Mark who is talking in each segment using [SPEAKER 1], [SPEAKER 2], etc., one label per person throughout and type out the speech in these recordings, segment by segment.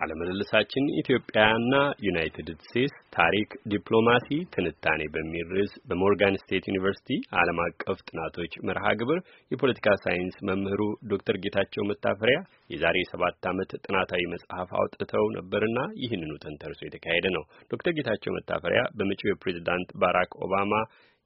[SPEAKER 1] ቃለ ምልልሳችን ኢትዮጵያና ዩናይትድ ስቴትስ ታሪክ፣ ዲፕሎማሲ ትንታኔ በሚል ርዕስ በሞርጋን ስቴት ዩኒቨርሲቲ ዓለም አቀፍ ጥናቶች መርሃ ግብር የፖለቲካ ሳይንስ መምህሩ ዶክተር ጌታቸው መታፈሪያ የዛሬ ሰባት ዓመት ጥናታዊ መጽሐፍ አውጥተው ነበርና ይህንኑ ተንተርሶ የተካሄደ ነው። ዶክተር ጌታቸው መታፈሪያ በመጪው የፕሬዚዳንት ባራክ ኦባማ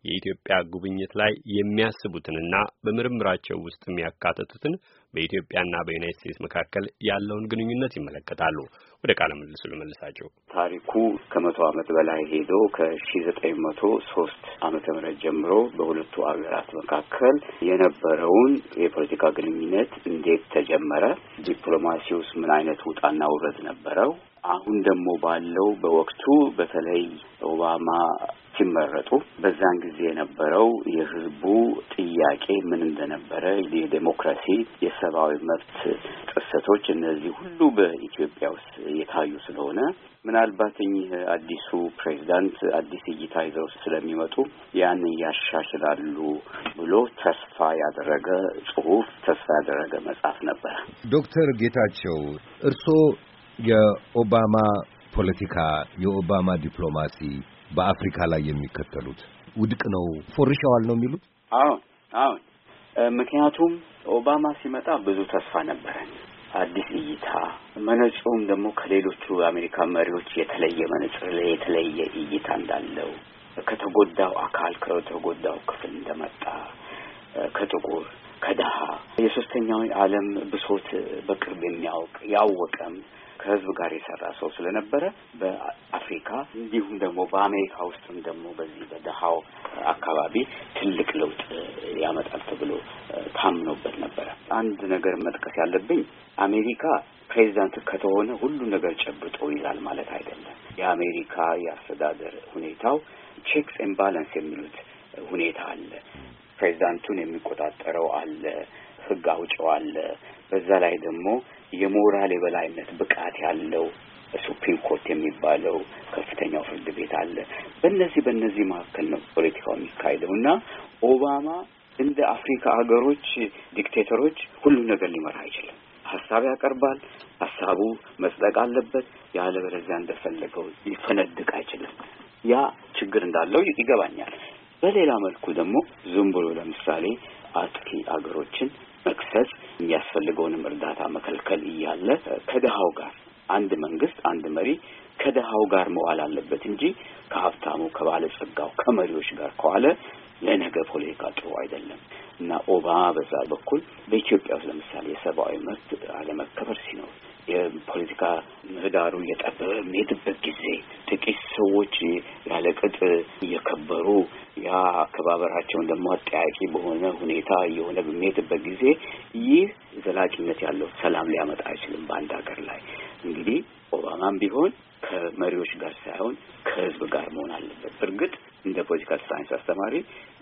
[SPEAKER 1] የኢትዮጵያ ጉብኝት ላይ የሚያስቡትንና በምርምራቸው ውስጥ የሚያካተቱትን በኢትዮጵያና በዩናይት ስቴትስ መካከል ያለውን ግንኙነት ይመለከታሉ። ወደ ቃለ ምልልሱ ልመልሳቸው።
[SPEAKER 2] ታሪኩ ከመቶ ዓመት በላይ ሄዶ ከሺ ዘጠኝ መቶ ሶስት ዓመተ ምህረት ጀምሮ በሁለቱ አገራት መካከል የነበረውን የፖለቲካ ግንኙነት እንዴት ተጀመረ? ዲፕሎማሲውስ ምን አይነት ውጣና ውረድ ነበረው? አሁን ደግሞ ባለው በወቅቱ በተለይ ኦባማ ሲመረጡ በዛን ጊዜ የነበረው የህዝቡ ጥያቄ ምን እንደነበረ፣ የዴሞክራሲ የሰብአዊ መብት ጥሰቶች፣ እነዚህ ሁሉ በኢትዮጵያ ውስጥ የታዩ ስለሆነ ምናልባት እኚህ አዲሱ ፕሬዚዳንት አዲስ እይታ ይዘው ስለሚመጡ ያን ያሻሽላሉ ብሎ ተስፋ ያደረገ ጽሁፍ፣ ተስፋ ያደረገ መጽሐፍ ነበረ።
[SPEAKER 1] ዶክተር ጌታቸው እርስዎ የኦባማ ፖለቲካ፣ የኦባማ ዲፕሎማሲ በአፍሪካ ላይ የሚከተሉት ውድቅ ነው ፎርሻዋል ነው የሚሉት?
[SPEAKER 2] አዎ አዎ። ምክንያቱም ኦባማ ሲመጣ ብዙ ተስፋ ነበረን፣ አዲስ እይታ፣ መነጽሩም ደግሞ ከሌሎቹ የአሜሪካ መሪዎች የተለየ መነጽር ላይ የተለየ እይታ እንዳለው ከተጎዳው አካል ከተጎዳው ክፍል እንደመጣ ከጥቁር ከድሀ የሶስተኛው ዓለም ብሶት በቅርብ የሚያውቅ ያወቀም ከህዝብ ጋር የሰራ ሰው ስለነበረ በአፍሪካ እንዲሁም ደግሞ በአሜሪካ ውስጥም ደግሞ በዚህ በደሃው አካባቢ ትልቅ ለውጥ ያመጣል ተብሎ ታምኖበት ነበረ። አንድ ነገር መጥቀስ ያለብኝ አሜሪካ ፕሬዚዳንት ከተሆነ ሁሉ ነገር ጨብጦ ይላል ማለት አይደለም። የአሜሪካ የአስተዳደር ሁኔታው ቼክስ ኤን ባላንስ የሚሉት ሁኔታ አለ። ፕሬዚዳንቱን የሚቆጣጠረው አለ፣ ህግ አውጪው አለ። በዛ ላይ ደግሞ የሞራል የበላይነት ብቃት ያለው ሱፕሪም ኮርት የሚባለው ከፍተኛው ፍርድ ቤት አለ። በእነዚህ በእነዚህ መካከል ነው ፖለቲካው የሚካሄደው እና ኦባማ እንደ አፍሪካ ሀገሮች ዲክቴተሮች ሁሉ ነገር ሊመራ አይችልም። ሀሳብ ያቀርባል። ሀሳቡ መጽደቅ አለበት። ያለበለዚያ እንደፈለገው ሊፈነድቅ አይችልም። ያ ችግር እንዳለው ይገባኛል። በሌላ መልኩ ደግሞ ዝም ብሎ ለምሳሌ አጥቂ አገሮችን መክሰስ፣ የሚያስፈልገውንም እርዳታ መከልከል እያለ ከድሀው ጋር አንድ መንግስት አንድ መሪ ከድሀው ጋር መዋል አለበት እንጂ ከሀብታሙ ከባለጸጋው ከመሪዎች ጋር ከዋለ ለነገ ፖለቲካ ጥሩ አይደለም እና ኦባማ በዛ በኩል በኢትዮጵያ ውስጥ ለምሳሌ የሰብአዊ መብት አለመከበር ሲኖር የፖለቲካ ምህዳሩ እየጠበበ የሚሄድበት ጊዜ ጥቂት ሰዎች ያለቅጥ እየከበሩ ያ አከባበራቸውን ደግሞ አጠያቂ በሆነ ሁኔታ እየሆነ በሚሄድበት ጊዜ ይህ ዘላቂነት ያለው ሰላም ሊያመጣ አይችልም በአንድ ሀገር ላይ። እንግዲህ ኦባማም ቢሆን ከመሪዎች ጋር ሳይሆን ከህዝብ ጋር መሆን አለበት። እርግጥ እንደ ፖለቲካል ሳይንስ አስተማሪ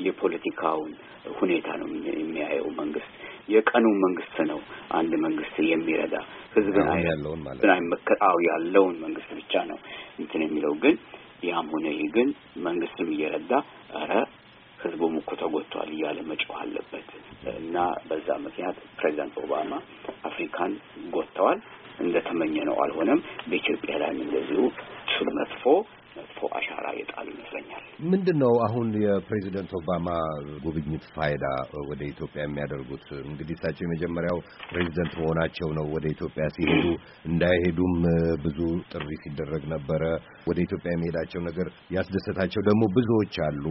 [SPEAKER 2] የፖለቲካውን ሁኔታ ነው የሚያየው መንግስት የቀኑ መንግስት ነው። አንድ መንግስት የሚረዳ ህዝብን ያለውን ማለት ነው ያለውን መንግስት ብቻ ነው እንትን የሚለው ግን ያም ሆነ ይህ ግን መንግስትም እየረዳ ኧረ ህዝቡም እኮ ተጎድቷል እያለ መጮህ አለበት እና በዛ ምክንያት ፕሬዚዳንት ኦባማ አፍሪካን ጎድተዋል። እንደተመኘ ነው አልሆነም። በኢትዮጵያ ላይም እንደዚሁ እሱን መጥፎ መጥፎ አሻራ የጣል ይመስለኛል።
[SPEAKER 1] ምንድን ነው አሁን የፕሬዚደንት ኦባማ ጉብኝት ፋይዳ ወደ ኢትዮጵያ የሚያደርጉት? እንግዲህ እሳቸው የመጀመሪያው ፕሬዚደንት መሆናቸው ነው። ወደ ኢትዮጵያ ሲሄዱ እንዳይሄዱም ብዙ ጥሪ ሲደረግ ነበረ። ወደ ኢትዮጵያ የሚሄዳቸው ነገር ያስደሰታቸው ደግሞ ብዙዎች አሉ።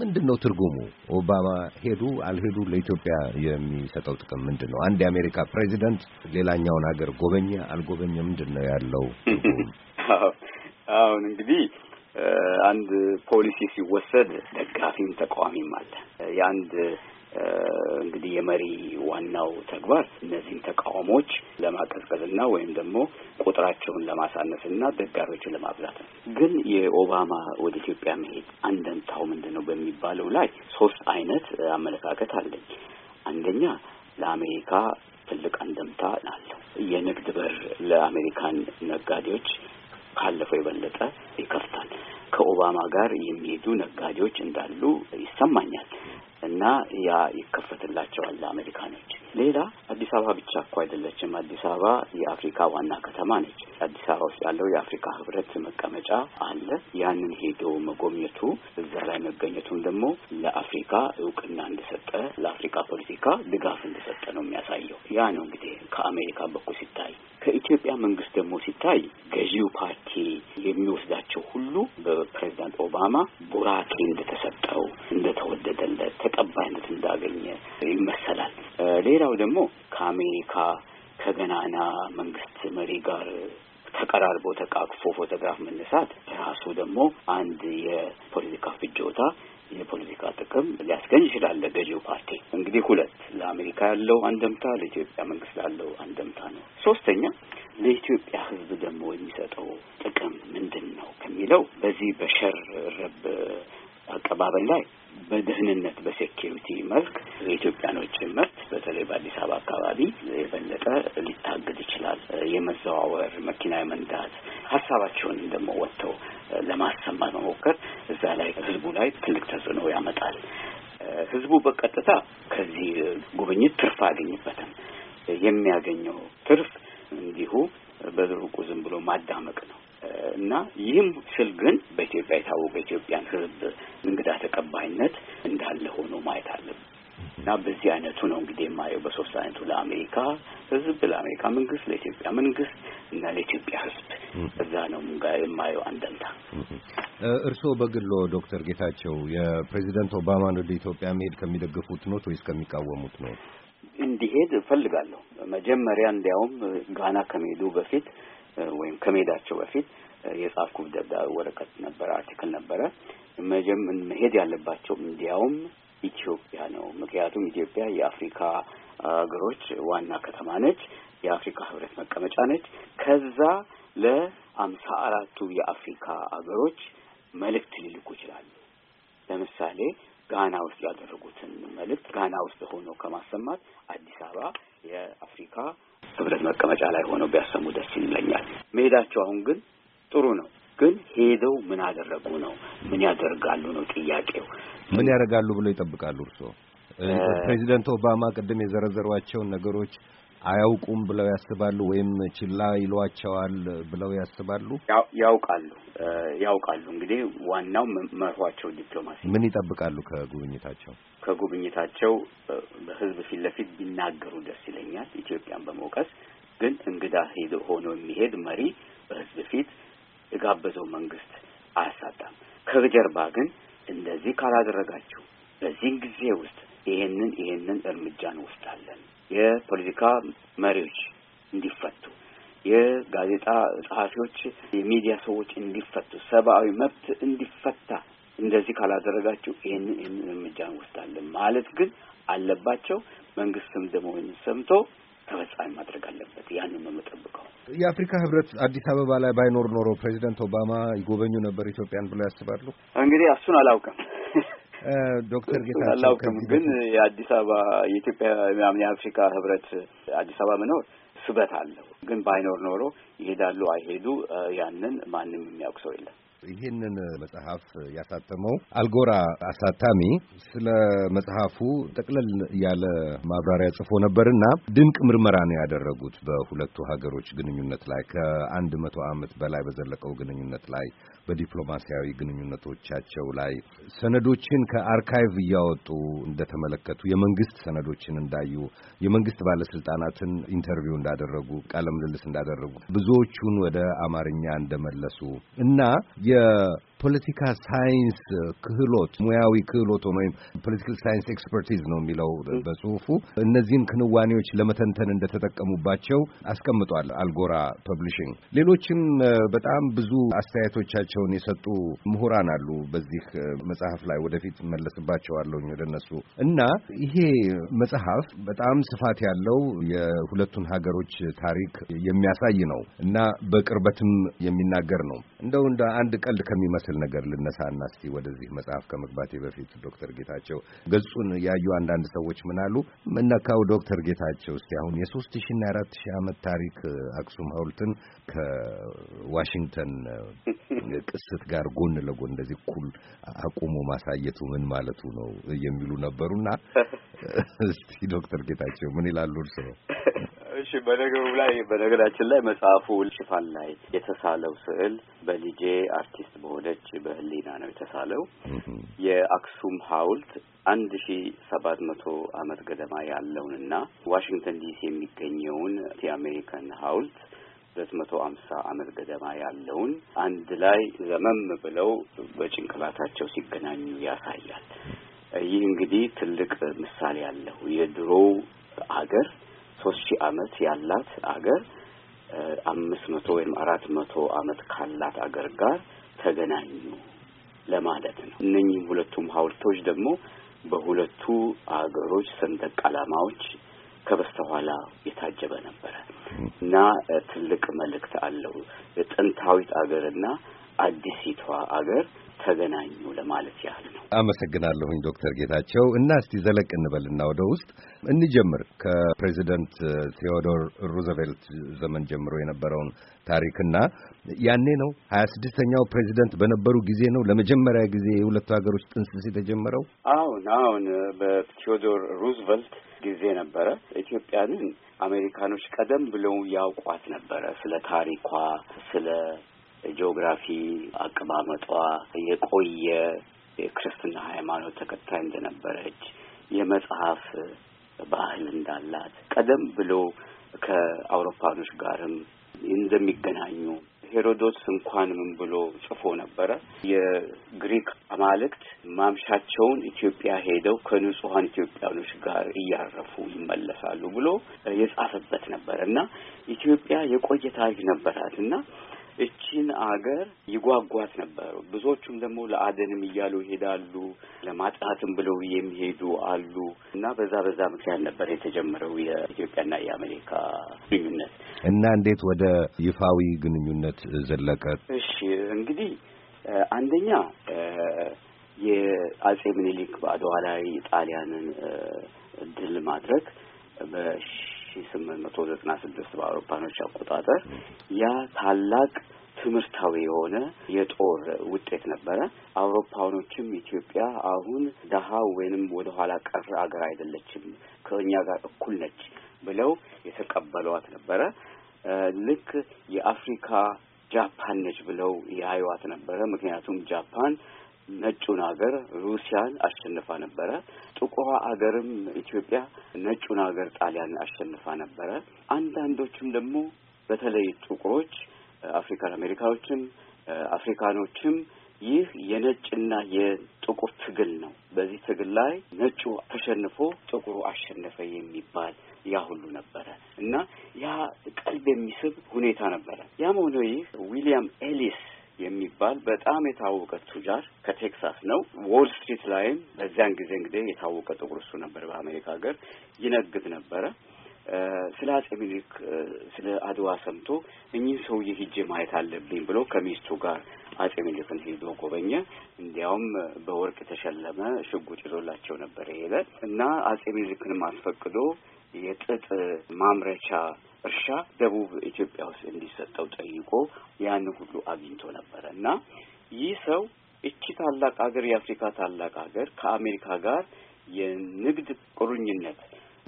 [SPEAKER 1] ምንድን ነው ትርጉሙ? ኦባማ ሄዱ አልሄዱ ለኢትዮጵያ የሚሰጠው ጥቅም ምንድን ነው? አንድ የአሜሪካ ፕሬዚደንት ሌላኛውን ሀገር ጎበኘ አልጎበኘ ምንድን ነው ያለው?
[SPEAKER 2] አሁን እንግዲህ አንድ ፖሊሲ ሲወሰድ ደጋፊም ተቃዋሚም አለ። የአንድ እንግዲህ የመሪ ዋናው ተግባር እነዚህን ተቃውሞዎች ለማቀዝቀዝና ወይም ደግሞ ቁጥራቸውን ለማሳነስና ደጋፊዎችን ለማብዛት ነው። ግን የኦባማ ወደ ኢትዮጵያ መሄድ አንደምታው ምንድን ነው በሚባለው ላይ ሶስት አይነት አመለካከት አለኝ። አንደኛ ለአሜሪካ ትልቅ አንደምታ አለው። የንግድ በር ለአሜሪካን ነጋዴዎች ካለፈው የበለጠ ይከፍታል። ከኦባማ ጋር የሚሄዱ ነጋዴዎች እንዳሉ ይሰማኛል እና ያ ይከፈትላቸዋል ለአሜሪካኖች። ሌላ አዲስ አበባ ብቻ እኮ አይደለችም። አዲስ አበባ የአፍሪካ ዋና ከተማ ነች። አዲስ አበባ ውስጥ ያለው የአፍሪካ ሕብረት መቀመጫ አለ። ያንን ሄዶ መጎብኘቱ እዛ ላይ መገኘቱም ደግሞ ለአፍሪካ እውቅና እንደሰጠ፣ ለአፍሪካ ፖለቲካ ድጋፍ እንደሰጠ ነው የሚያሳየው። ያ ነው እንግዲህ ከአሜሪካ በኩል ሲታይ ከኢትዮጵያ መንግስት ደግሞ ሲታይ ገዢው ፓርቲ የሚወስዳቸው ሁሉ በፕሬዚዳንት ኦባማ ቡራኬ እንደተሰጠው፣ እንደተወደደለት፣ ተቀባይነት እንዳገኘ ይመሰላል። ሌላው ደግሞ ከአሜሪካ ከገናና መንግስት መሪ ጋር ተቀራርቦ ተቃቅፎ ፎቶግራፍ መነሳት ራሱ ደግሞ አንድ የፖለቲካ ፍጆታ የፖለቲካ ጥቅም ሊያስገኝ ይችላል። ገዢው ፓርቲ እንግዲህ ሁለት ለአሜሪካ ያለው አንደምታ ለኢትዮጵያ መንግስት ያለው አንደምታ ነው። ሶስተኛ ለኢትዮጵያ ሕዝብ ደግሞ የሚሰጠው ጥቅም ምንድን ነው ከሚለው በዚህ በሸር ረብ አቀባበል ላይ በደህንነት በሴኪሪቲ መልክ የኢትዮጵያኖች ምርት በተለይ በአዲስ አበባ አካባቢ የበለጠ ሊታገድ ይችላል። የመዘዋወር መኪና የመንዳት ሀሳባቸውን ደግሞ ወጥተው ለማሰማት መሞከር እዛ ላይ ህዝቡ ላይ ትልቅ ተጽዕኖ ያመጣል። ህዝቡ በቀጥታ ከዚህ ጉብኝት ትርፍ አያገኝበትም። የሚያገኘው ትርፍ እንዲሁ በዝርቁ ዝም ብሎ ማዳመቅ ነው እና ይህም ስል ግን በኢትዮጵያ የታወቀ ኢትዮጵያን ህዝብ እንግዳ ተቀባይነት እንዳለ ሆኖ ማየት አለብን እና በዚህ አይነቱ ነው እንግዲህ የማየው በሶስት አይነቱ ለአሜሪካ ህዝብ፣ ለአሜሪካ መንግስት፣ ለኢትዮጵያ መንግስት እና ለኢትዮጵያ ህዝብ እዛ ነው የማየው አንደምታ።
[SPEAKER 1] እርስዎ በግሎ ዶክተር ጌታቸው የፕሬዚደንት ኦባማን ወደ ኢትዮጵያ መሄድ ከሚደግፉት ኖት ወይስ ከሚቃወሙት ኖት?
[SPEAKER 2] እንዲሄድ እፈልጋለሁ። መጀመሪያ እንዲያውም ጋና ከመሄዱ በፊት ወይም ከመሄዳቸው በፊት የጻፍኩት ደብዳ ወረቀት ነበረ፣ አርቲክል ነበረ። መሄድ ያለባቸው እንዲያውም ኢትዮጵያ ነው። ምክንያቱም ኢትዮጵያ የአፍሪካ ሀገሮች ዋና ከተማ ነች። የአፍሪካ ህብረት መቀመጫ ነች። ከዛ ለአምሳ አራቱ የአፍሪካ አገሮች መልእክት ሊልኩ ይችላሉ። ለምሳሌ ጋና ውስጥ ያደረጉትን መልእክት ጋና ውስጥ ሆኖ ከማሰማት አዲስ አበባ የአፍሪካ ህብረት መቀመጫ ላይ ሆነው ቢያሰሙ ደስ ይለኛል። መሄዳቸው አሁን ግን ጥሩ ነው። ግን ሄደው ምን አደረጉ ነው? ምን ያደርጋሉ ነው ጥያቄው።
[SPEAKER 1] ምን ያደርጋሉ ብሎ ይጠብቃሉ እርስዎ? ፕሬዚደንት ኦባማ ቅድም የዘረዘሯቸውን ነገሮች አያውቁም ብለው ያስባሉ ወይም ችላ ይሏቸዋል ብለው
[SPEAKER 2] ያስባሉ? ያውቃሉ ያውቃሉ። እንግዲህ ዋናው መርኋቸው ዲፕሎማሲ።
[SPEAKER 1] ምን ይጠብቃሉ ከጉብኝታቸው?
[SPEAKER 2] ከጉብኝታቸው በህዝብ ፊት ለፊት ቢናገሩ ደስ ይለኛል። ኢትዮጵያን በመውቀስ ግን እንግዳ ሄዶ ሆኖ የሚሄድ መሪ በህዝብ ፊት የጋበዘው መንግስት አያሳጣም። ከጀርባ ግን እንደዚህ ካላደረጋችሁ በዚህ ጊዜ ውስጥ ይሄንን ይሄንን እርምጃ እንወስዳለን የፖለቲካ መሪዎች እንዲፈቱ፣ የጋዜጣ ጸሐፊዎች፣ የሚዲያ ሰዎች እንዲፈቱ፣ ሰብአዊ መብት እንዲፈታ እንደዚህ ካላደረጋችሁ ይህን ይህን እርምጃ እንወስዳለን ማለት ግን አለባቸው። መንግስትም ደግሞ ይህንን ሰምቶ ተፈጻሚ ማድረግ አለበት። ያንን ነው የምጠብቀው።
[SPEAKER 1] የአፍሪካ ህብረት አዲስ አበባ ላይ ባይኖር ኖሮ ፕሬዚደንት ኦባማ ይጎበኙ ነበር ኢትዮጵያን ብሎ ያስባሉ?
[SPEAKER 2] እንግዲህ እሱን አላውቅም።
[SPEAKER 1] ዶክተር ጌታቸው ግን
[SPEAKER 2] የአዲስ አበባ የኢትዮጵያ የአፍሪካ ህብረት አዲስ አበባ መኖር ስበት አለው። ግን ባይኖር ኖሮ ይሄዳሉ አይሄዱ፣ ያንን ማንም የሚያውቅ ሰው የለም።
[SPEAKER 1] ይህንን መጽሐፍ ያሳተመው አልጎራ አሳታሚ ስለ መጽሐፉ ጠቅለል ያለ ማብራሪያ ጽፎ ነበርና ድንቅ ምርመራ ነው ያደረጉት በሁለቱ ሀገሮች ግንኙነት ላይ ከአንድ መቶ ዓመት በላይ በዘለቀው ግንኙነት ላይ በዲፕሎማሲያዊ ግንኙነቶቻቸው ላይ ሰነዶችን ከአርካይቭ እያወጡ እንደተመለከቱ፣ የመንግስት ሰነዶችን እንዳዩ፣ የመንግስት ባለስልጣናትን ኢንተርቪው እንዳደረጉ፣ ቃለ ምልልስ እንዳደረጉ፣ ብዙዎቹን ወደ አማርኛ እንደመለሱ እና uh, ፖለቲካ ሳይንስ ክህሎት ሙያዊ ክህሎት ወይም ፖለቲካል ሳይንስ ኤክስፐርቲዝ ነው የሚለው በጽሁፉ እነዚህን ክንዋኔዎች ለመተንተን እንደተጠቀሙባቸው አስቀምጧል። አልጎራ ፐብሊሽንግ ሌሎችም በጣም ብዙ አስተያየቶቻቸውን የሰጡ ምሁራን አሉ። በዚህ መጽሐፍ ላይ ወደፊት መለስባቸዋለሁኝ ወደ እነሱ እና ይሄ መጽሐፍ በጣም ስፋት ያለው የሁለቱን ሀገሮች ታሪክ የሚያሳይ ነው እና በቅርበትም የሚናገር ነው እንደው እንደ አንድ ቀልድ ከሚመስል የሚመስል ነገር ልነሳና እስቲ ወደዚህ መጽሐፍ ከመግባቴ በፊት ዶክተር ጌታቸው ገጹን ያዩ አንዳንድ ሰዎች ምን አሉ? ምነካው ዶክተር ጌታቸው እስቲ አሁን የሶስት ሺና የአራት ሺህ ዓመት ታሪክ አክሱም ሐውልትን ከዋሽንግተን ቅስት ጋር ጎን ለጎን እንደዚህ እኩል አቁሞ ማሳየቱ ምን ማለቱ ነው የሚሉ ነበሩና እስቲ ዶክተር ጌታቸው ምን ይላሉ እርስዎ?
[SPEAKER 2] እሺ በነገሩ ላይ በነገራችን ላይ መጽሐፉ ሽፋን ላይ የተሳለው ስዕል በልጄ አርቲስት በሆነች በህሊና ነው የተሳለው። የአክሱም ሐውልት አንድ ሺ ሰባት መቶ ዓመት ገደማ ያለውንና ዋሽንግተን ዲሲ የሚገኘውን የአሜሪካን ሐውልት ሁለት መቶ አምሳ አመት ገደማ ያለውን አንድ ላይ ዘመም ብለው በጭንቅላታቸው ሲገናኙ ያሳያል። ይህ እንግዲህ ትልቅ ምሳሌ ያለው የድሮው አገር ሶስት ሺህ ዓመት ያላት አገር አምስት መቶ ወይም አራት መቶ አመት ካላት አገር ጋር ተገናኙ ለማለት ነው። እነኚህ ሁለቱም ሀውልቶች ደግሞ በሁለቱ አገሮች ሰንደቅ ዓላማዎች ከበስተኋላ የታጀበ ነበረ እና ትልቅ መልእክት አለው። የጥንታዊት አገርና አዲሲቷ አገር ተገናኙ ለማለት ያህል
[SPEAKER 1] ነው። አመሰግናለሁኝ ዶክተር ጌታቸው እና እስቲ ዘለቅ እንበልና ወደ ውስጥ እንጀምር ከፕሬዚደንት ቴዎዶር ሩዘቬልት ዘመን ጀምሮ የነበረውን ታሪክና ያኔ ነው ሀያ ስድስተኛው ፕሬዚደንት በነበሩ ጊዜ ነው ለመጀመሪያ ጊዜ የሁለቱ ሀገሮች ጥንስስ የተጀመረው።
[SPEAKER 2] አሁን አሁን በቴዎዶር ሩዝቨልት ጊዜ ነበረ። ኢትዮጵያንን አሜሪካኖች ቀደም ብለው ያውቋት ነበረ ስለ ታሪኳ ስለ ጂኦግራፊ አቀማመጧ የቆየ የክርስትና ሃይማኖት ተከታይ እንደነበረች የመጽሐፍ ባህል እንዳላት ቀደም ብሎ ከአውሮፓኖች ጋርም እንደሚገናኙ ሄሮዶት እንኳን ምን ብሎ ጽፎ ነበረ? የግሪክ አማልክት ማምሻቸውን ኢትዮጵያ ሄደው ከንጹሐን ኢትዮጵያኖች ጋር እያረፉ ይመለሳሉ ብሎ የጻፈበት ነበር እና ኢትዮጵያ የቆየ ታሪክ ነበራት እና እቺን አገር ይጓጓት ነበሩ። ብዙዎቹም ደግሞ ለአደንም እያሉ ይሄዳሉ፣ ለማጥናትም ብለው የሚሄዱ አሉ እና በዛ በዛ ምክንያት ነበር የተጀመረው የኢትዮጵያና የአሜሪካ ግንኙነት
[SPEAKER 1] እና እንዴት ወደ ይፋዊ ግንኙነት ዘለቀ?
[SPEAKER 2] እሺ እንግዲህ አንደኛ የአጼ ምኒልክ በአድዋ ላይ ጣሊያንን ድል ማድረግ በሺ ሺህ ስምንት መቶ ዘጠና ስድስት በአውሮፓኖች አቆጣጠር ያ ታላቅ ትምህርታዊ የሆነ የጦር ውጤት ነበረ። አውሮፓውያኖችም ኢትዮጵያ አሁን ደሀ ወይንም ወደ ኋላ ቀር አገር አይደለችም፣ ከእኛ ጋር እኩል ነች ብለው የተቀበሏት ነበረ። ልክ የአፍሪካ ጃፓን ነች ብለው ያዩዋት ነበረ። ምክንያቱም ጃፓን ነጩን ሀገር ሩሲያን አሸንፋ ነበረ። ጥቁሯ ሀገርም ኢትዮጵያ ነጩን ሀገር ጣሊያን አሸንፋ ነበረ። አንዳንዶችም ደግሞ በተለይ ጥቁሮች አፍሪካን አሜሪካዎችም አፍሪካኖችም ይህ የነጭና የጥቁር ትግል ነው። በዚህ ትግል ላይ ነጩ ተሸንፎ ጥቁሩ አሸነፈ የሚባል ያ ሁሉ ነበረ እና ያ ቀልብ የሚስብ ሁኔታ ነበረ። ያም ሆነ ይህ ዊሊያም ኤሊስ የሚባል በጣም የታወቀ ቱጃር ከቴክሳስ ነው። ዎል ስትሪት ላይም በዚያን ጊዜ እንግዲህ የታወቀ ጥቁር እሱ ነበር፣ በአሜሪካ ሀገር ይነግድ ነበረ። ስለ አጼ ሚኒሊክ ስለ አድዋ ሰምቶ እኚህ ሰውዬ ሂጄ ማየት አለብኝ ብሎ ከሚስቱ ጋር አጼ ሚኒሊክን ሄዶ ጎበኘ። እንዲያውም በወርቅ የተሸለመ ሽጉጥ ይዞላቸው ነበር ይሄለ እና አጼ ሚኒሊክንም አስፈቅዶ የጥጥ ማምረቻ እርሻ ደቡብ ኢትዮጵያ ውስጥ እንዲሰጠው ጠይቆ ያን ሁሉ አግኝቶ ነበረ እና ይህ ሰው እቺ ታላቅ ሀገር የአፍሪካ ታላቅ ሀገር ከአሜሪካ ጋር የንግድ ቁርኝነት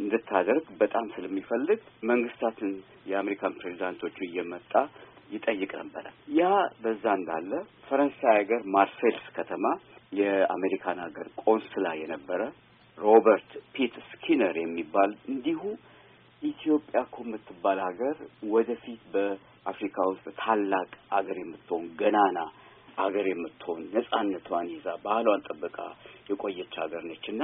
[SPEAKER 2] እንድታደርግ በጣም ስለሚፈልግ መንግስታትን የአሜሪካን ፕሬዚዳንቶቹ እየመጣ ይጠይቅ ነበረ። ያ በዛ እንዳለ ፈረንሳይ ሀገር ማርሴልስ ከተማ የአሜሪካን ሀገር ቆንስላ የነበረ ሮበርት ፒት ስኪነር የሚባል እንዲሁ ኢትዮጵያ እኮ የምትባል ሀገር ወደፊት በአፍሪካ ውስጥ ታላቅ ሀገር የምትሆን ገናና ሀገር የምትሆን ነጻነቷን ይዛ ባህሏን ጠብቃ የቆየች ሀገር ነች እና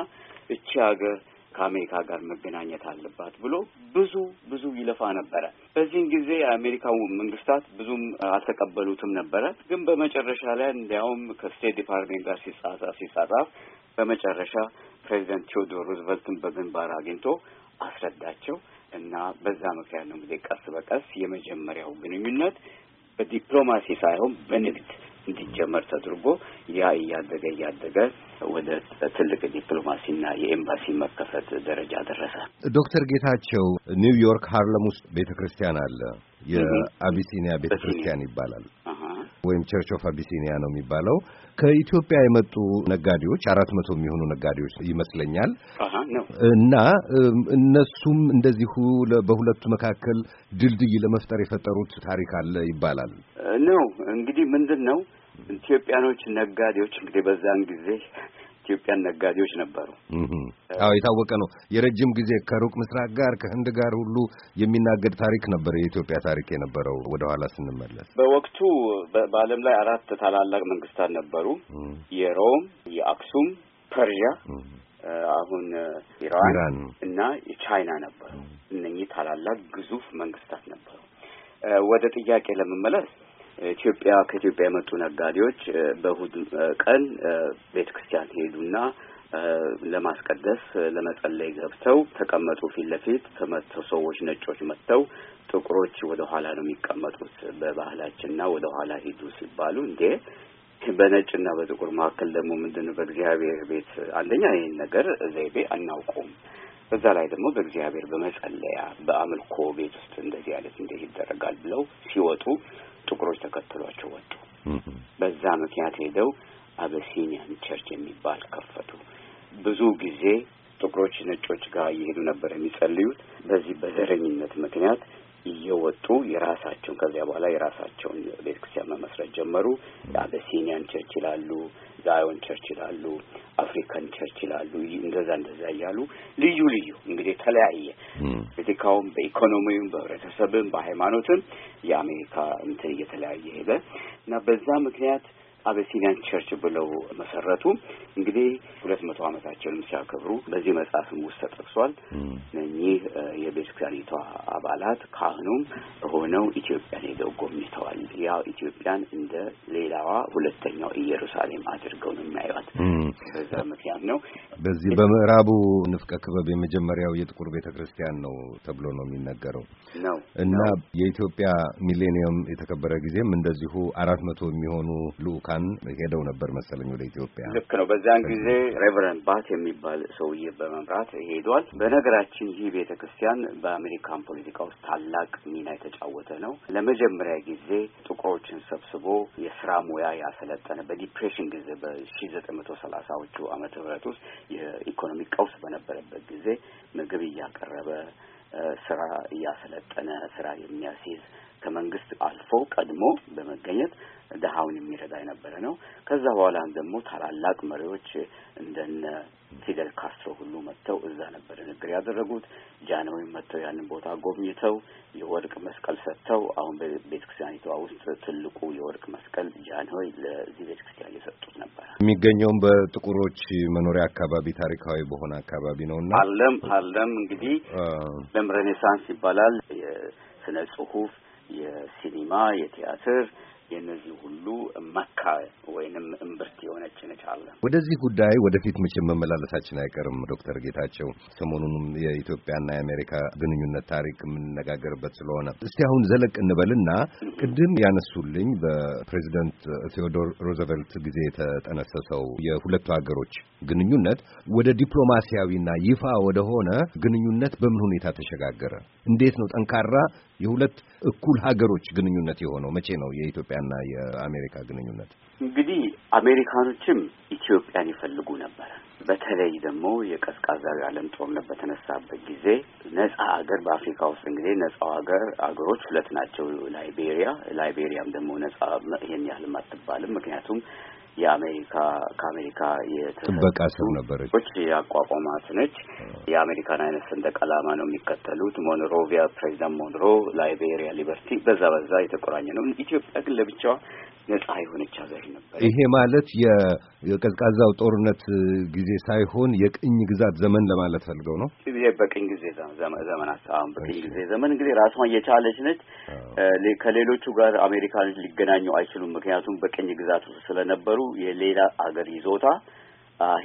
[SPEAKER 2] እቺ ሀገር ከአሜሪካ ጋር መገናኘት አለባት ብሎ ብዙ ብዙ ይለፋ ነበረ። በዚህን ጊዜ የአሜሪካ መንግስታት ብዙም አልተቀበሉትም ነበረ። ግን በመጨረሻ ላይ እንዲያውም ከስቴት ዲፓርትሜንት ጋር ሲጻጻፍ ሲጻጻፍ በመጨረሻ ፕሬዚደንት ቴዎዶር ሩዝቨልትን በግንባር አግኝቶ አስረዳቸው። እና በዛ ምክንያት ነው እንግዲህ ቀስ በቀስ የመጀመሪያው ግንኙነት በዲፕሎማሲ ሳይሆን በንግድ እንዲጀመር ተደርጎ ያ እያደገ እያደገ ወደ ትልቅ ዲፕሎማሲና የኤምባሲ መከፈት ደረጃ ደረሰ።
[SPEAKER 1] ዶክተር ጌታቸው ኒውዮርክ ሃርለም ውስጥ ቤተ ክርስቲያን አለ። የአቢሲኒያ ቤተ ክርስቲያን ይባላል። ወይም ቸርች ኦፍ አቢሲኒያ ነው የሚባለው ከኢትዮጵያ የመጡ ነጋዴዎች አራት መቶ የሚሆኑ ነጋዴዎች ይመስለኛል እና እነሱም እንደዚሁ በሁለቱ መካከል ድልድይ ለመፍጠር የፈጠሩት ታሪክ አለ ይባላል
[SPEAKER 2] ነው። እንግዲህ ምንድን ነው ኢትዮጵያኖች ነጋዴዎች እንግዲህ በዛን ጊዜ የኢትዮጵያን ነጋዴዎች ነበሩ።
[SPEAKER 1] አዎ የታወቀ ነው። የረጅም ጊዜ ከሩቅ ምስራቅ ጋር ከህንድ ጋር ሁሉ የሚናገድ ታሪክ ነበር የኢትዮጵያ ታሪክ የነበረው። ወደ ኋላ ስንመለስ
[SPEAKER 2] በወቅቱ በዓለም ላይ አራት ታላላቅ መንግስታት ነበሩ። የሮም፣ የአክሱም፣ ፐርዣ አሁን ኢራን እና የቻይና ነበሩ። እነኚህ ታላላቅ ግዙፍ መንግስታት ነበሩ። ወደ ጥያቄ ለመመለስ ኢትዮጵያ ከኢትዮጵያ የመጡ ነጋዴዎች በእሁድ ቀን ቤተ ክርስቲያን ሄዱና ለማስቀደስ ለመጸለይ ገብተው ተቀመጡ። ፊት ለፊት ተመተው ሰዎች ነጮች መጥተው ጥቁሮች ወደ ኋላ ነው የሚቀመጡት በባህላችንና ወደ ኋላ ሂዱ ሲባሉ እንዴ በነጭና በጥቁር መካከል ደግሞ ምንድነው? በእግዚአብሔር ቤት አንደኛ ይህን ነገር ዘይቤ አናውቁም። በዛ ላይ ደግሞ በእግዚአብሔር በመጸለያ በአምልኮ ቤት ውስጥ እንደዚህ አይነት እንዴት ይደረጋል ብለው ሲወጡ ጥቁሮች ተከትሏቸው ወጡ። በዛ ምክንያት ሄደው አበሲኒያን ቸርች የሚባል ከፈቱ። ብዙ ጊዜ ጥቁሮች ነጮች ጋር እየሄዱ ነበር የሚጸልዩት። በዚህ በዘረኝነት ምክንያት እየወጡ የራሳቸውን ከዚያ በኋላ የራሳቸውን ቤተክርስቲያን መመስረት ጀመሩ። የአበሲኒያን ቸርች ይላሉ፣ ዛዮን ቸርች ይላሉ። አፍሪካን ቸርች ይላሉ። እንደዛ እንደዛ እያሉ ልዩ ልዩ እንግዲህ የተለያየ ፖለቲካውም፣ በኢኮኖሚውም፣ በህብረተሰብም፣ በሃይማኖትም የአሜሪካ እንትን እየተለያየ ሄደ እና በዛ ምክንያት አቤሲኒያን ቸርች ብለው መሰረቱ። እንግዲህ ሁለት መቶ ዓመታቸውንም ሲያከብሩ በዚህ መጽሐፍም ውስጥ ተጠቅሷል። እኚህ የቤተክርስቲያኒቷ አባላት ካህኑም ሆነው ኢትዮጵያን ሄደው ጎብኝተዋል። ያው ኢትዮጵያን እንደ ሌላዋ ሁለተኛው ኢየሩሳሌም አድርገው ነው የሚያዩት። በዛ ምክንያት ነው
[SPEAKER 1] በዚህ በምዕራቡ ንፍቀ ክበብ የመጀመሪያው የጥቁር ቤተ ክርስቲያን ነው ተብሎ ነው የሚነገረው ነው እና የኢትዮጵያ ሚሌኒየም የተከበረ ጊዜም እንደዚሁ አራት መቶ የሚሆኑ ልዑካ ቫቲካን ሄደው ነበር መሰለኝ ወደ ኢትዮጵያ። ልክ ነው። በዚያን ጊዜ
[SPEAKER 2] ሬቨረንድ ባት የሚባል ሰውዬ በመምራት ሄዷል። በነገራችን ይህ ቤተ ክርስቲያን በአሜሪካን ፖለቲካ ውስጥ ታላቅ ሚና የተጫወተ ነው። ለመጀመሪያ ጊዜ ጥቁሮችን ሰብስቦ የስራ ሙያ ያሰለጠነ በዲፕሬሽን ጊዜ በሺ ዘጠኝ መቶ ሰላሳዎቹ ዓመተ ምህረት ውስጥ የኢኮኖሚ ቀውስ በነበረበት ጊዜ ምግብ እያቀረበ ስራ እያሰለጠነ ስራ የሚያስይዝ ከመንግስት አልፎ ቀድሞ በመገኘት ድሀውን የሚረዳ የነበረ ነው። ከዛ በኋላም ደግሞ ታላላቅ መሪዎች እንደነ ፊደል ካስትሮ ሁሉ መጥተው እዛ ነበር ንግግር ያደረጉት። ጃንሆይም መጥተው ያንን ቦታ ጎብኝተው የወርቅ መስቀል ሰጥተው አሁን በቤተ ክርስቲያኒቷ ውስጥ ትልቁ የወርቅ መስቀል ጃንሆይ ለዚህ ቤተ ክርስቲያን የሰጡት
[SPEAKER 1] ነበር። የሚገኘውም በጥቁሮች መኖሪያ አካባቢ ታሪካዊ በሆነ አካባቢ ነው እና ሀለም
[SPEAKER 2] ሀለም እንግዲህ ለም ሬኔሳንስ ይባላል። የስነ ጽሁፍ፣ የሲኒማ፣ የቲያትር የነዚህ ሁሉ መካ ወይንም እምብርት የሆነች ነች አለ።
[SPEAKER 1] ወደዚህ ጉዳይ ወደፊት መቼም መመላለሳችን አይቀርም ዶክተር ጌታቸው ሰሞኑንም የኢትዮጵያና የአሜሪካ ግንኙነት ታሪክ የምንነጋገርበት ስለሆነ እስቲ አሁን ዘለቅ እንበልና ቅድም ያነሱልኝ በፕሬዚደንት ቴዎዶር ሮዘቨልት ጊዜ የተጠነሰሰው የሁለቱ ሀገሮች ግንኙነት ወደ ዲፕሎማሲያዊና ይፋ ወደሆነ ግንኙነት በምን ሁኔታ ተሸጋገረ? እንዴት ነው ጠንካራ የሁለት እኩል ሀገሮች ግንኙነት የሆነው መቼ ነው? የኢትዮጵያና
[SPEAKER 2] የአሜሪካ ግንኙነት እንግዲህ አሜሪካኖችም ኢትዮጵያን ይፈልጉ ነበር በተለይ ደግሞ የቀዝቃዛዊ ዓለም ጦርነት በተነሳበት ጊዜ ነጻ ሀገር በአፍሪካ ውስጥ እንግዲህ ነጻው ሀገር አገሮች ሁለት ናቸው። ላይቤሪያ ላይቤሪያም ደግሞ ነጻ ይሄን ያህል አትባልም። ምክንያቱም የአሜሪካ ከአሜሪካ ጥበቃ ስር ነበረች ያቋቋማት ነች። የአሜሪካን አይነት ሰንደቅ ዓላማ ነው የሚከተሉት። ሞንሮቪያ ፕሬዚዳንት ሞንሮ ላይቤሪያ ሊበርቲ በዛ በዛ የተቆራኘ ነው። ኢትዮጵያ ግን ለብቻዋ ነጻ የሆነች ሀገር ነበር። ይሄ
[SPEAKER 1] ማለት የቀዝቃዛው ጦርነት ጊዜ ሳይሆን የቅኝ ግዛት ዘመን ለማለት ፈልገው ነው።
[SPEAKER 2] በቅኝ ጊዜ ዘመን አሁን በቅኝ ጊዜ ዘመን እንግዲህ ራሷ የቻለች ነች። ከሌሎቹ ጋር አሜሪካኖች ሊገናኙ አይችሉም። ምክንያቱም በቅኝ ግዛት ውስጥ ስለነበሩ የሌላ አገር ይዞታ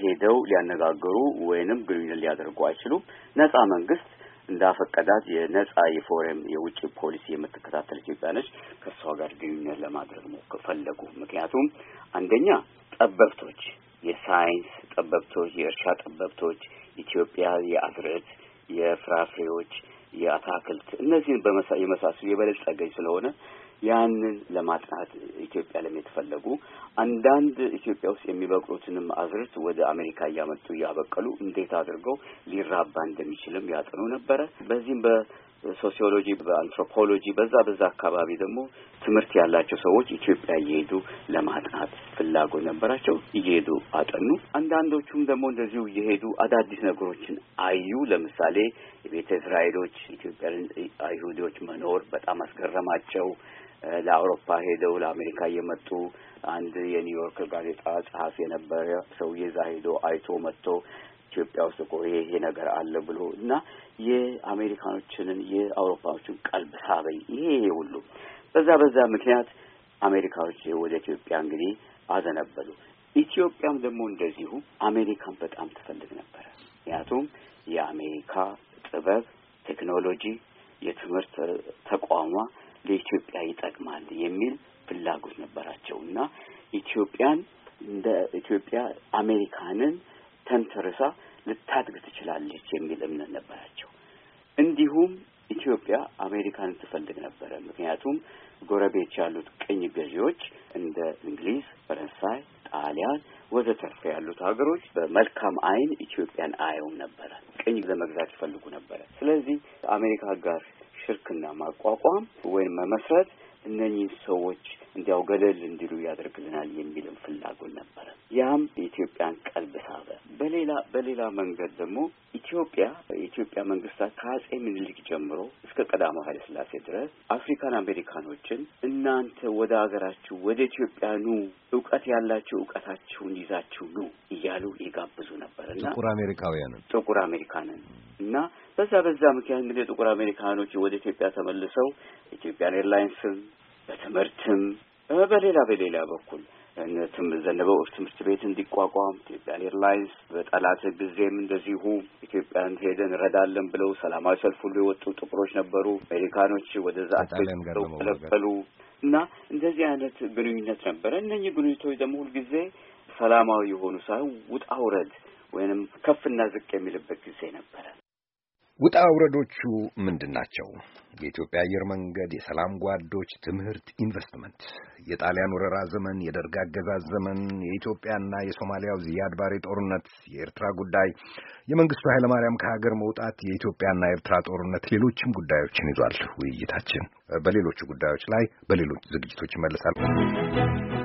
[SPEAKER 2] ሄደው ሊያነጋግሩ ወይንም ግንኙነት ሊያደርጉ አይችሉም። ነጻ መንግስት እንዳፈቀዳት የነጻ የፎረም የውጭ ፖሊሲ የምትከታተል ኢትዮጵያ ነች። ከእሷ ጋር ግንኙነት ለማድረግ ሞክር ፈለጉ። ምክንያቱም አንደኛ ጠበብቶች፣ የሳይንስ ጠበብቶች፣ የእርሻ ጠበብቶች ኢትዮጵያ የአዝርዕት የፍራፍሬዎች፣ የአታክልት እነዚህን የመሳሰሉ የበለጸገኝ ስለሆነ ያንን ለማጥናት ኢትዮጵያ ለም የተፈለጉ አንዳንድ ኢትዮጵያ ውስጥ የሚበቅሉትንም አዝርት ወደ አሜሪካ እያመጡ እያበቀሉ እንዴት አድርገው ሊራባ እንደሚችልም ያጠኑ ነበረ። በዚህም ሶሲዮሎጂ በአንትሮፖሎጂ በዛ በዛ አካባቢ ደግሞ ትምህርት ያላቸው ሰዎች ኢትዮጵያ እየሄዱ ለማጥናት ፍላጎት ነበራቸው። እየሄዱ አጠኑ። አንዳንዶቹም ደግሞ እንደዚሁ እየሄዱ አዳዲስ ነገሮችን አዩ። ለምሳሌ የቤተ እስራኤሎች ኢትዮጵያ አይሁዶች መኖር በጣም አስገረማቸው። ለአውሮፓ ሄደው ለአሜሪካ የመጡ አንድ የኒውዮርክ ጋዜጣ ጸሐፊ የነበረ ሰውዬ እዛ ሄዶ አይቶ መጥቶ ኢትዮጵያ ውስጥ እኮ ይሄ ይሄ ነገር አለ ብሎ እና የአሜሪካኖችንን የአውሮፓኖችን ቀልብ ሳበኝ። ይሄ ሁሉ በዛ በዛ ምክንያት አሜሪካዎች ወደ ኢትዮጵያ እንግዲህ አዘነበሉ። ኢትዮጵያም ደግሞ እንደዚሁ አሜሪካን በጣም ትፈልግ ነበረ። ምክንያቱም የአሜሪካ ጥበብ፣ ቴክኖሎጂ፣ የትምህርት ተቋሟ ለኢትዮጵያ ይጠቅማል የሚል ፍላጎት ነበራቸው እና ኢትዮጵያን እንደ ኢትዮጵያ አሜሪካንን ተንተርሳ ልታድግ ትችላለች የሚል እምነት ነበራቸው። እንዲሁም ኢትዮጵያ አሜሪካንን ትፈልግ ነበረ። ምክንያቱም ጎረቤት ያሉት ቅኝ ገዢዎች እንደ እንግሊዝ፣ ፈረንሳይ፣ ጣሊያን ወዘተርፈ ያሉት ሀገሮች በመልካም አይን ኢትዮጵያን አየውም ነበረ። ቅኝ ለመግዛት ይፈልጉ ነበረ። ስለዚህ አሜሪካ ጋር ሽርክና ማቋቋም ወይም መመስረት እነኚህ ሰዎች እንዲያው ገለል እንዲሉ ያደርግልናል የሚልም ፍላጎት ነበረ። ያም የኢትዮጵያን ቀልብ ሳበ። በሌላ በሌላ መንገድ ደግሞ ኢትዮጵያ የኢትዮጵያ መንግስታት ከአጼ ምኒልክ ጀምሮ እስከ ቀዳማዊ ኃይለ ሥላሴ ድረስ አፍሪካን አሜሪካኖችን እናንተ ወደ ሀገራችሁ ወደ ኢትዮጵያ ኑ፣ እውቀት ያላችሁ እውቀታችሁን ይዛችሁ ኑ እያሉ ይጋብዙ ነበር እና ጥቁር
[SPEAKER 1] አሜሪካውያንን
[SPEAKER 2] ጥቁር አሜሪካንን እና በዛ በዛ ምክንያት እንግዲህ የጥቁር አሜሪካኖች ወደ ኢትዮጵያ ተመልሰው ኢትዮጵያን ኤርላይንስም በትምህርትም በሌላ በሌላ በኩል ዘነበው ትምህርት ቤት እንዲቋቋም ኢትዮጵያን ኤርላይንስ በጠላት ጊዜም እንደዚሁ ኢትዮጵያን ሄደን እረዳለን ብለው ሰላማዊ ሰልፍ ሁሉ የወጡ ጥቁሮች ነበሩ። አሜሪካኖች ወደዛ አትገው ተለበሉ እና እንደዚህ አይነት ግንኙነት ነበረ። እነኚህ ግንኙነቶች ደግሞ ሁልጊዜ ሰላማዊ የሆኑ ሳይሆን ውጣ ውረድ ወይንም ከፍና ዝቅ የሚልበት ጊዜ ነበረ።
[SPEAKER 1] ውጣ ውረዶቹ ምንድን ናቸው? የኢትዮጵያ አየር መንገድ፣ የሰላም ጓዶች፣ ትምህርት፣ ኢንቨስትመንት፣ የጣሊያን ወረራ ዘመን፣ የደርግ አገዛዝ ዘመን፣ የኢትዮጵያና የሶማሊያው ዚያድ ባሬ ጦርነት፣ የኤርትራ ጉዳይ፣ የመንግስቱ ኃይለማርያም ከሀገር መውጣት፣ የኢትዮጵያና የኤርትራ ጦርነት፣ ሌሎችም ጉዳዮችን ይዟል። ውይይታችን በሌሎቹ ጉዳዮች ላይ በሌሎች ዝግጅቶች ይመልሳል።